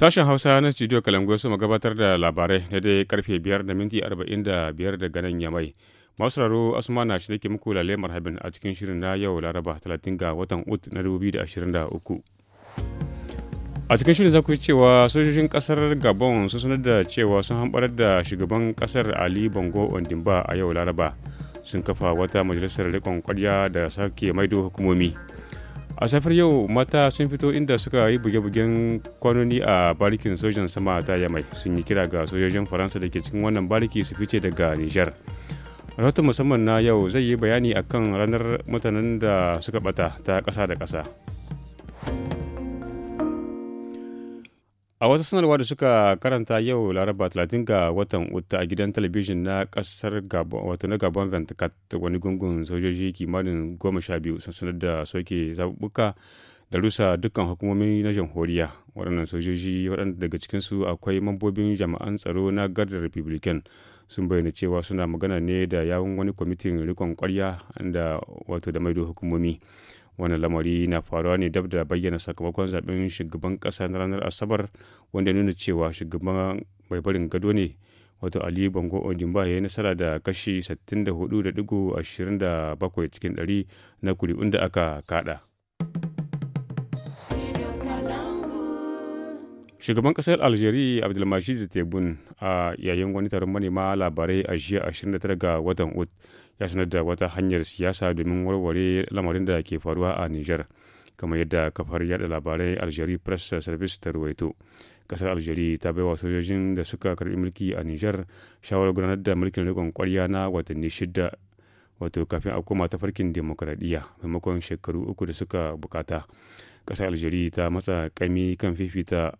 Sashen Hausa na Studio Kalangoy su gabatar da labarai na dai karfe 5 da minti 45 daga nan Yamai. Masu raro Asuma na shirye muku lalle marhabin a cikin shirin na yau Laraba talatin ga watan Ut na 2023. A cikin shirin za ku cewa sojojin kasar Gabon sun sanar da cewa sun hambarar da shugaban kasar Ali Bongo Ondimba a yau Laraba. Sun kafa wata majalisar rikon kwarya da sake maido hukumomi. a safar yau mata sun fito inda suka yi buge-bugen kwanoni a barikin sojan sama ta yamai sun yi kira ga sojojin faransa da ke cikin wannan bariki su fice daga nijar rahoton musamman na yau zai yi bayani akan ranar mutanen da suka bata ta ƙasa da ƙasa. A wata sanarwa da suka karanta yau Laraba 30 ga watan Uta a gidan talabijin na kasar wato na Gabon Rantakat wani gungun sojoji kimanin goma sha biyu sun sanar da soke zaɓuɓɓuka da rusa dukkan hukumomi na jamhuriya waɗannan sojoji waɗanda daga cikinsu akwai mambobin jami'an tsaro na gardar republican sun bayyana cewa suna magana ne da yawun wani kwamitin rikon kwarya da wato da maido hukumomi wani lamari na faruwa ne dab da bayyana sakamakon zaben shugaban kasa na ranar asabar wanda nuna cewa shugaban mai barin gado ne wato ali bango odimba ya yi nasara da kashi 64.27 cikin 100 na kuri'un da aka kada. shugaban kasar algeria abdulmajid tebun a yayin wani taron manema labarai a jiya 29 ga watan ut ya sanar da wata hanyar siyasa domin warware lamarin da ke faruwa a niger kamar yadda kafar yada labarai algeria press service ta ruwaito kasar algeria ta baiwa sojojin da suka karbi mulki a niger shawarar gudanar da mulkin rikon kwarya na watanni shida wato kafin a koma farkin demokradiyya maimakon shekaru uku da suka bukata kasar algeria ta matsa kami kan fifita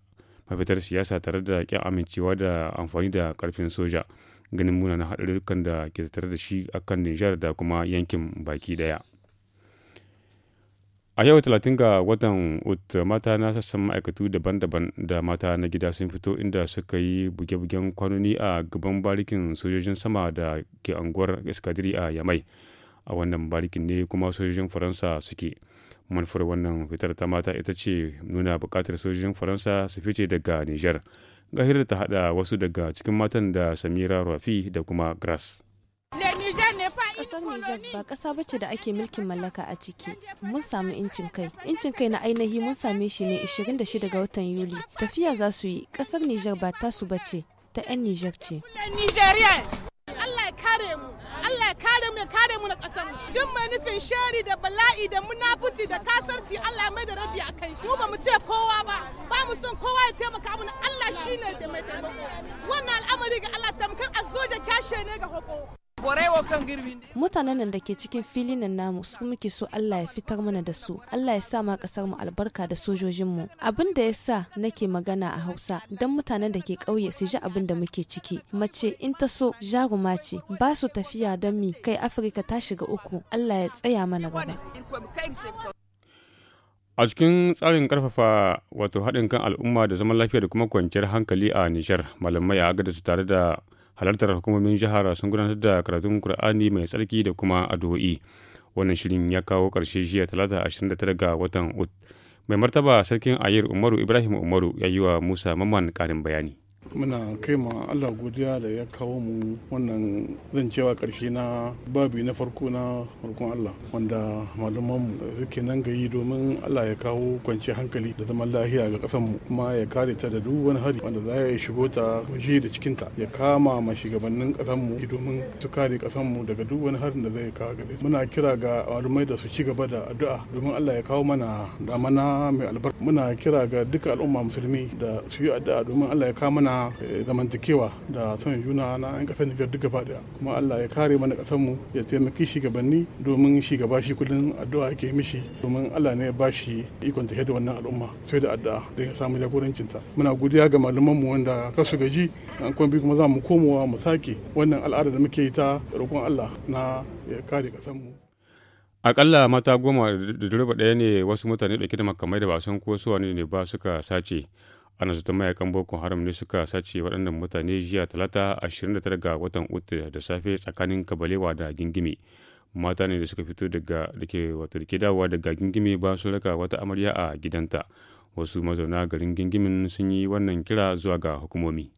mafitar siyasa tare da ƙin amincewa da amfani da karfin soja ganin munanan haɗarurrukan da ke tattare da shi akan nijar da kuma yankin baki daya. a yau talatin ga watan ut mata na sassan ma'aikatu daban-daban da mata na gida sun fito inda suka yi buge-bugen kwanoni a gaban barikin sojojin sama da ke anguwar iskadiri a yamai a wannan barikin ne kuma sojojin faransa suke manufar wannan fitar ta mata ita ce nuna bukatar sojojin faransa su fice daga niger gahir ta hada wasu daga cikin matan da samira rafi da kuma grass kasar Nijar ba ƙasa bace da ake mulkin mallaka a ciki. Mun samu incin kai. Incin kai na ainihi mun same shi ne 26 ga watan Yuli. Tafiya za su yi. Ƙasar Nijar ba tasu bace, ta 'yan niger ce. kare mu Allah ya kare mu ya kare mu na ƙasar mu duk mai nufin shari da bala'i da munafuci da kasarci Allah mai da rabi a kai shi ba mu ce kowa ba ba mu son kowa ya taimaka mana Allah shine ya taimaka taimako wannan al'amari ga Allah tamkar azo da kyashe ne ga hoko mutanen nan da ke cikin filin nan namu su muke so Allah ya fitar mana da su Allah ya sa ma kasar mu albarka da sojojin mu abin da ya sa nake magana a Hausa dan mutanen da ke ƙauye su ji abin da muke ciki mace in ta so jaruma ce ba su tafiya don mi kai Afirka ta shiga uku Allah ya tsaya mana gaba a cikin tsarin karfafa wato haɗin kan al'umma da zaman lafiya da kuma kwanciyar hankali a nijar malamai a su tare da halartar hukumomin jihar sun gudanar da karatun Kur'ani mai tsarki da kuma addu'o'i. Wannan shirin ya kawo ƙarshe jiya talata 29 ga watan Ut. Mai martaba sarkin Ayir Umaru Ibrahim Umaru ya yi wa Musa mamman ƙarin bayani. muna kai ma allah godiya da ya kawo mu wannan zan cewa karshe na babi na farko na farkon allah wanda malaman mu suke nan gayi domin allah ya kawo kwanciyar hankali da zaman lahiya ga kasan mu kuma ya kare ta da duk wani hari wanda za ya shigo ta waje da cikin ta ya kama ma shugabannin kasan mu domin su kare kasan mu daga duk wani harin da zai kawo gare muna kira ga al'ummai da su ci gaba da addu'a domin allah ya kawo mana damana mai albarka muna kira ga duka al'umma musulmi da su yi addu'a domin allah ya kawo mana mana eh, zamantakewa da son juna na 'yan kasar Nijar duka gaba daya kuma Allah ya kare mana kasar mu ya taimaki shugabanni domin shugaba shi kullum addu'a yake mishi domin Allah ne ya shi ikon tafiyar da wannan al'umma sai da addu'a da ya samu jagorancin ta muna godiya ga malaman mu wanda kasu gaji an kuma bi kuma za mu komowa mu sake wannan al'ada da muke yi ta roƙon Allah na ya kare kasar mu akalla mata goma da direba ɗaya ne wasu mutane ɗauke da makamai da ba san ko suwa ne ba suka sace ana zaton mayakan boko haram ne suka sace waɗannan mutane jiya talata 29 ga watan uku da safe tsakanin kabalewa da gingimi mata ne da suka fito daga da ke wato da ke dawowa daga gingimi ba su raka wata amarya a gidanta wasu mazauna garin gingimin sun yi wannan kira zuwa ga hukumomi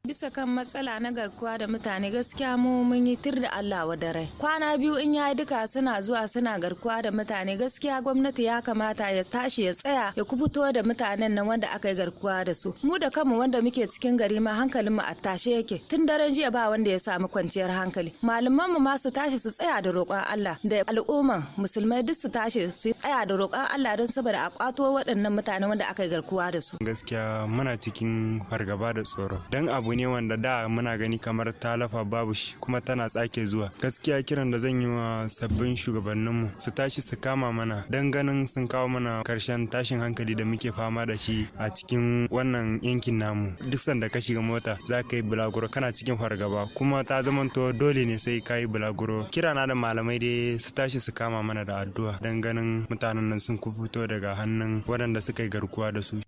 bisa kan matsala na garkuwa da mutane gaskiya mu mun yi tir da Allah wa dare kwana biyu in yayi duka suna zuwa suna garkuwa da mutane gaskiya gwamnati ya kamata ya tashi ya tsaya ya kubuto da mutanen nan wanda aka yi garkuwa da su mu da kanmu wanda muke cikin gari ma hankalin mu a tashe yake tun daren jiya ba wanda ya samu kwanciyar hankali malaman mu ma su tashi su tsaya da roƙon Allah da al'umma musulmai duk su tashi su tsaya da roƙon Allah don saboda a kwato waɗannan mutane wanda aka yi garkuwa da su gaskiya muna cikin fargaba da tsoro dan abu abu ne wanda da muna gani kamar ta lafa babu shi kuma tana tsake zuwa gaskiya kiran da zan yi wa sabbin shugabanninmu su tashi su kama mana dan ganin sun kawo mana karshen tashin hankali da muke fama da shi a cikin wannan yankin namu duk sanda ka shiga mota za ka yi bulaguro kana cikin fargaba kuma ta to dole ne sai ka yi bulaguro kira na da malamai dai su tashi su kama mana da addu'a dan ganin mutanen nan sun kubuto daga hannun waɗanda suka yi garkuwa da su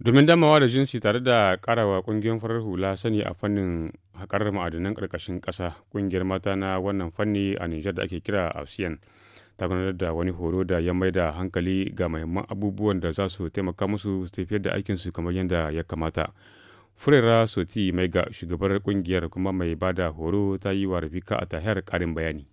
domin damawa da jinsi tare da karawa kungiyar farar hula sani a fannin haƙar ma'adanan ƙarƙashin ƙasa kungiyar mata na wannan fanni a nijar da ake kira asiyan ta gudanar da wani horo da ya mai da hankali ga mahimman abubuwan da za su taimaka musu su tafiyar da aikinsu kamar yadda ya kamata furera soti mai ga shugabar kungiyar kuma mai bada horo ta yi wa rafika a tahiyar karin bayani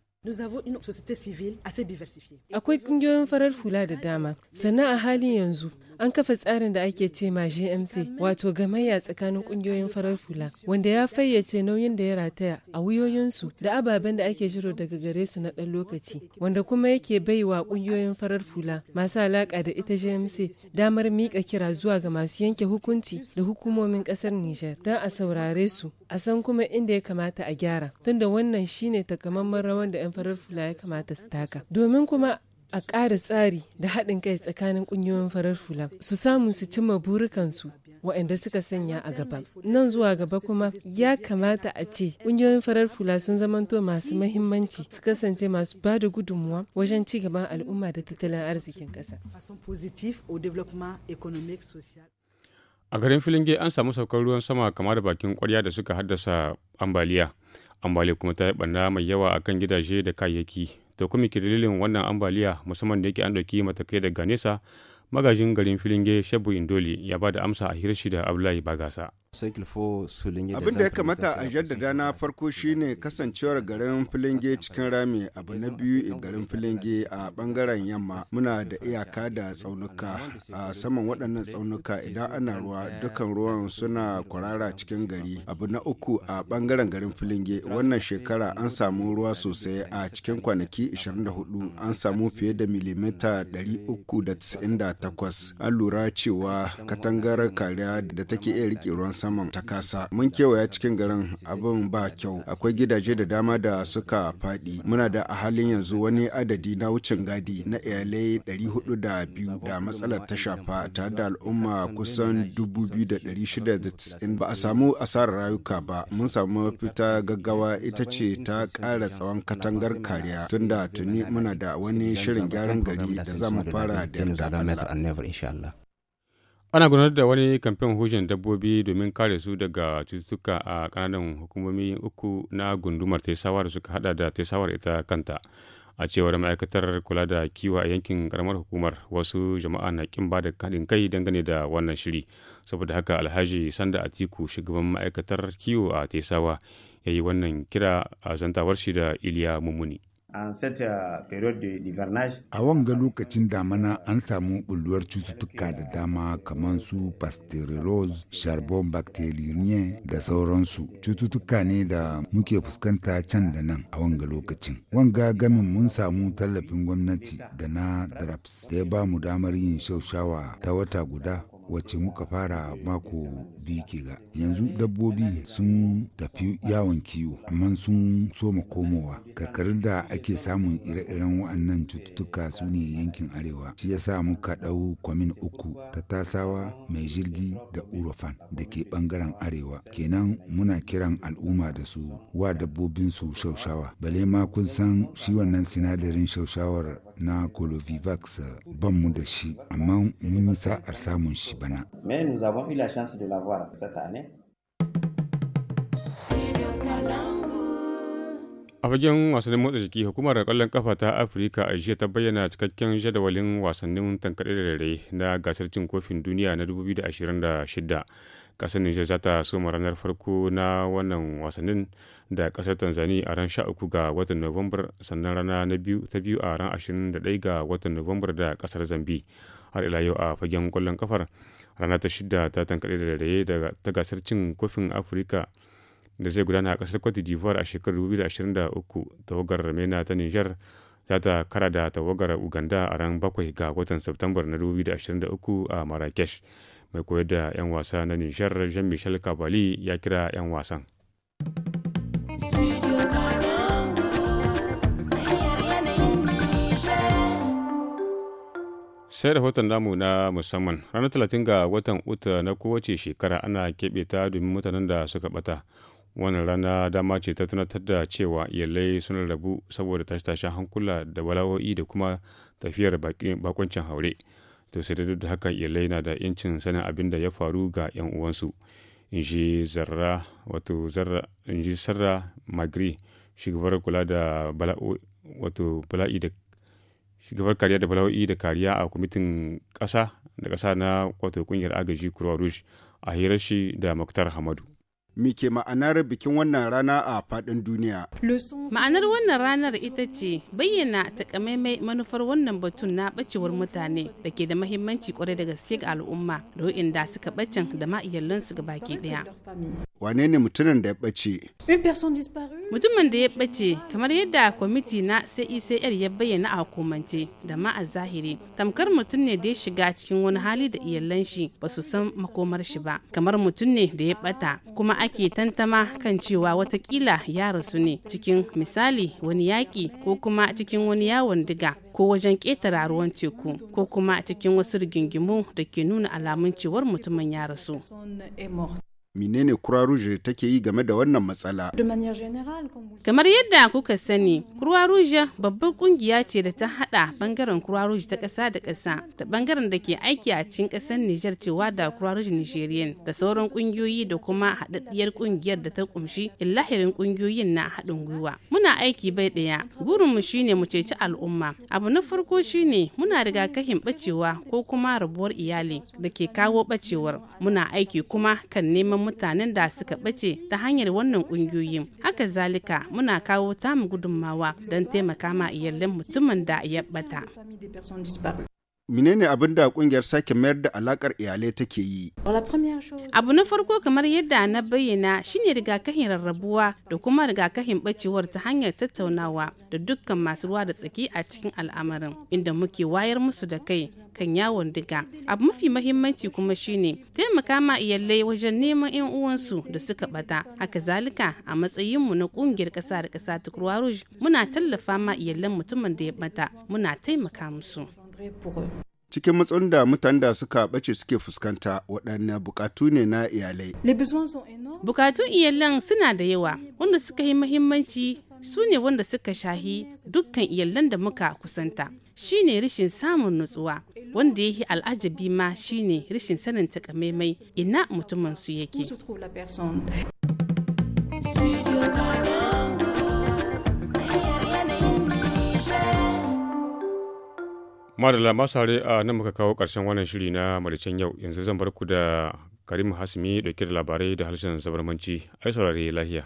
Akwai ƙungiyoyin farar hula da dama, sannan a halin yanzu an kafa tsarin da ake ce ma GMC wato gamayya tsakanin ƙungiyoyin farar hula wanda ya fayyace nauyin da ya rataya a wuyoyinsu da ababen da ake shiro daga gare su na ɗan lokaci wanda kuma yake bai wa ƙungiyoyin farar hula masu alaƙa da ita GMC damar miƙa kira zuwa ga masu yanke hukunci da hukumomin ƙasar Nijar don a saurare su a san kuma inda ya kamata a gyara tunda wannan shine takamaiman rawan da fararfula farar fula ya kamata su taka domin kuma a ƙara tsari da haɗin kai tsakanin ƙungiyoyin farar fula su samu su cimma burikansu waɗanda suka sanya a gaba nan zuwa gaba kuma ya kamata a ce ƙungiyoyin farar fula sun zamanto masu mahimmanci su kasance masu ba da gudunmuwa wajen ci gaban al'umma da tattalin arzikin ƙasa a garin filin filinge an samu saukar ruwan sama kamar bakin kwarya da suka haddasa ambaliya ambaliya kuma ta yi barna mai yawa a kan gidaje da kayayyaki to kuma ke dalilin wannan ambaliya musamman da yake an ɗauki matakai daga nesa magajin garin filinge shabu indoli ya ba da amsa a hirshi da abdullahi bagasa abin da ya kamata a jaddada na farko shine kasancewar garin filinge cikin rami abu na biyu garin filinge a bangaren yamma muna da iyaka da tsaunuka a saman waɗannan tsaunuka idan ana ruwa dukan ruwan suna kwarara cikin gari abu na uku a bangaren garin filinge wannan shekara an samu ruwa sosai a cikin kwanaki 24 an samu fiye da milimita 398 an lura cewa katangar kariya da take iya rike ruwan saman ta kasa mun kewaya cikin garin abin ba kyau akwai gidaje da dama da suka fadi muna da a halin yanzu wani adadi na wucin gadi na iyalai 402 da matsalar ta shafa tare da al'umma kusan 2,690 ba a samu asarar rayuka ba mun samu mafita gaggawa ita ce ta kara tsawon katangar kariya tunda tuni muna da wani shirin gyaran gari da za mu fara da yarda Allah. ana gudanar da wani kamfen hujin dabbobi domin kare su daga cututtuka a kananan hukumomi uku na gundumar taisawa da suka hada da taisawar ita kanta a cewar ma'aikatar kula da kiwo a yankin karamar hukumar wasu jama'a na kin ba da kaɗin kai dangane da wannan shiri saboda haka alhaji sanda atiku shugaban ma'aikatar kiwo a taisawa ya yi wannan kira a zantawar shi da iliya mummuni A wanga lokacin damana an samu bulluwar cututtuka da dama kamar su pasteuroz, charbon bacterienien da sauransu. Cututtuka ne da muke fuskanta can da nan a wanga lokacin. Wanga gamin mun samu tallafin gwamnati da na DRAPS da ya ba mu damar yin shaushawa ta wata guda wacce muka fara mako biyu ke ga yanzu dabbobi sun tafi yawon kiwo amma sun soma komowa karkarun da ake samun ire-iren wa'annan cututtuka su ne yankin arewa shi ya sa muka ɗau kwamin uku ta tasawa mai jirgi da urufan da ke ɓangaren arewa kenan muna kiran al'umma da su wa dabbobin su shaushawa bale ma kun san shi wannan sinadarin shaushawar na Colovivax ban mu da shi amma mun yi sa'ar samun shi bana. Mais nous avons eu la chance de l'avoir cette année. a fagen wasannin motsa jiki hukumar kwallon kafa ta afirka a jiya ta bayyana cikakken jadawalin wasannin tankaɗe da rere na gasar cin kofin duniya na 2026 kasar nijar za ta soma ranar farko na wannan wasannin da kasar tanzania a ran 13 ga watan nuwambar sannan rana ta biyu a ran 21 ga watan nuwambar da kasar zambi har ila yau a fagen kwallon kafar rana ta shida ta tankaɗe da raye daga ta gasar cin kofin afirka da zai gudana a kasar cote d'ivoire a shekarar 2023 tawagar mena ta nijar za ta kara da tawagar uganda a ran bakwai ga watan september na 2023 a marrakesh mai koyar da 'yan wasa na nishar jean-michel kabali ya kira 'yan wasan sai hoton namu na musamman ranar talatin ga watan uta na kowace shekara ana keɓe ta domin mutanen da suka bata wannan rana dama ce ta tunatar da cewa iyalai suna rabu saboda tashi-tashen hankula da bala'o'i da kuma tafiyar bakoncin haure. to sai da duk haka iyalai na da yancin sanin abin da ya faru ga 'yan uwansu in zarra wato zarra in sarra magri shugabar kula da wato bala'i da shugabar kariya da bala'o'i da kariya a kwamitin kasa da ƙasa na wato ƙungiyar agaji croix rouge a hirar shi da muktar hamadu me ke ma'anar bikin wannan rana a faɗin duniya. Ma'anar wannan ranar ita ce bayyana takamaimai manufar wannan batun na bacewar mutane da ke da mahimmanci kwarai da gaske ga al'umma da da suka bacin da ma ga baki ɗaya. Wane ne mutumin da ya bace? Mutumin da ya bace kamar yadda kwamiti na yar e ya bayyana a hukumance da ma a zahiri tamkar mutum ne da ya shiga cikin wani hali da iyalan shi ba su san makomar shi ba kamar mutum ne da ya bata kuma ake tantama kan cewa watakila ya rasu ne cikin misali wani yaƙi ko kuma cikin wani yawon diga ko wajen ƙetara ruwan teku ko kuma cikin wasu rigingimu da ke nuna alamun cewar mutumin ya rasu. menene Croix Rouge take yi game da wannan matsala. Kamar yadda kuka sani, Croix Rouge babbar kungiya ce da ta hada bangaren Croix Rouge ta kasa da kasa da bangaren da ke aiki a cikin kasar Nijar cewa da Croix Rouge Nigerian da sauran kungiyoyi da kuma haɗaɗɗiyar kungiyar da ta kumshi illahirin kungiyoyin na haɗin gwiwa. Muna aiki bai ɗaya, gurinmu shine mu ceci al'umma. Abu na farko shine muna rigakafin bacewa ko kuma rabuwar iyali da ke kawo bacewar. Muna aiki kuma kan neman mutanen da suka ɓace ta hanyar wannan ƙungiyoyin. Haka zalika muna kawo tamu gudunmawa don taimaka ma iyalan mutumin da ya ɓata. menene abin da kungiyar sake mayar da alakar iyalai take yi abu na farko kamar yadda na bayyana shine rigakafin rarrabuwa da kuma rigakafin bacewar ta hanyar tattaunawa da dukkan masu ruwa da tsaki a cikin al'amarin inda muke wayar musu da kai kan yawon diga abu mafi mahimmanci kuma shine taimaka ma iyalai wajen neman yan uwansu da suka bata haka zalika a matsayinmu na kungiyar ƙasa da kasa ta muna tallafa ma iyalan mutumin da ya bata muna taimaka musu cikin matsalolin da mutane da suka bace suke fuskanta waɗanne bukatu ne na iyalai. Bukatun iyalan suna da yawa wanda suka yi mahimmanci su ne wanda suka shahi dukkan iyalan da muka kusanta. Shi ne rashin samun nutsuwa wanda ya yi al'ajabi ma shi ne rashin sanin takamaimai ina mutumin su yake. Madalla masu hare a nan muka kawo ƙarshen wannan shiri na maricen yau yanzu zan bar ku da Karim Hasimi dauke da labarai da harshen zabarmanci ai saurare lahiya.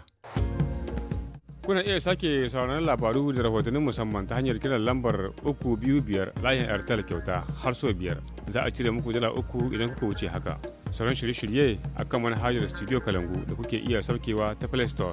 Kuna iya sake sauraron labaru da rahotannin musamman ta hanyar kiran lambar 325 layin Airtel kyauta har so biyar za a cire muku dala uku idan kuka wuce haka. Sauran shirye-shirye akan manhajar Studio Kalangu da kuke iya saukewa ta Play Store